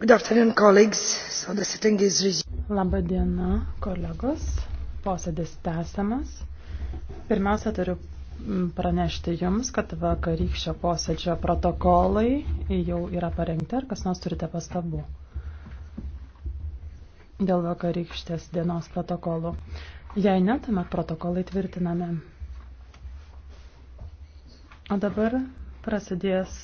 So is... Labą dieną, kolegos. Posėdis tęsiamas. Pirmiausia, turiu mm, pranešti Jums, kad vakarykščio posėdžio protokolai jau yra parengti. Ar kas nors turite pastabų dėl vakarykštės dienos protokolų? Jei ne, tuomet protokolai tvirtiname. O dabar prasidės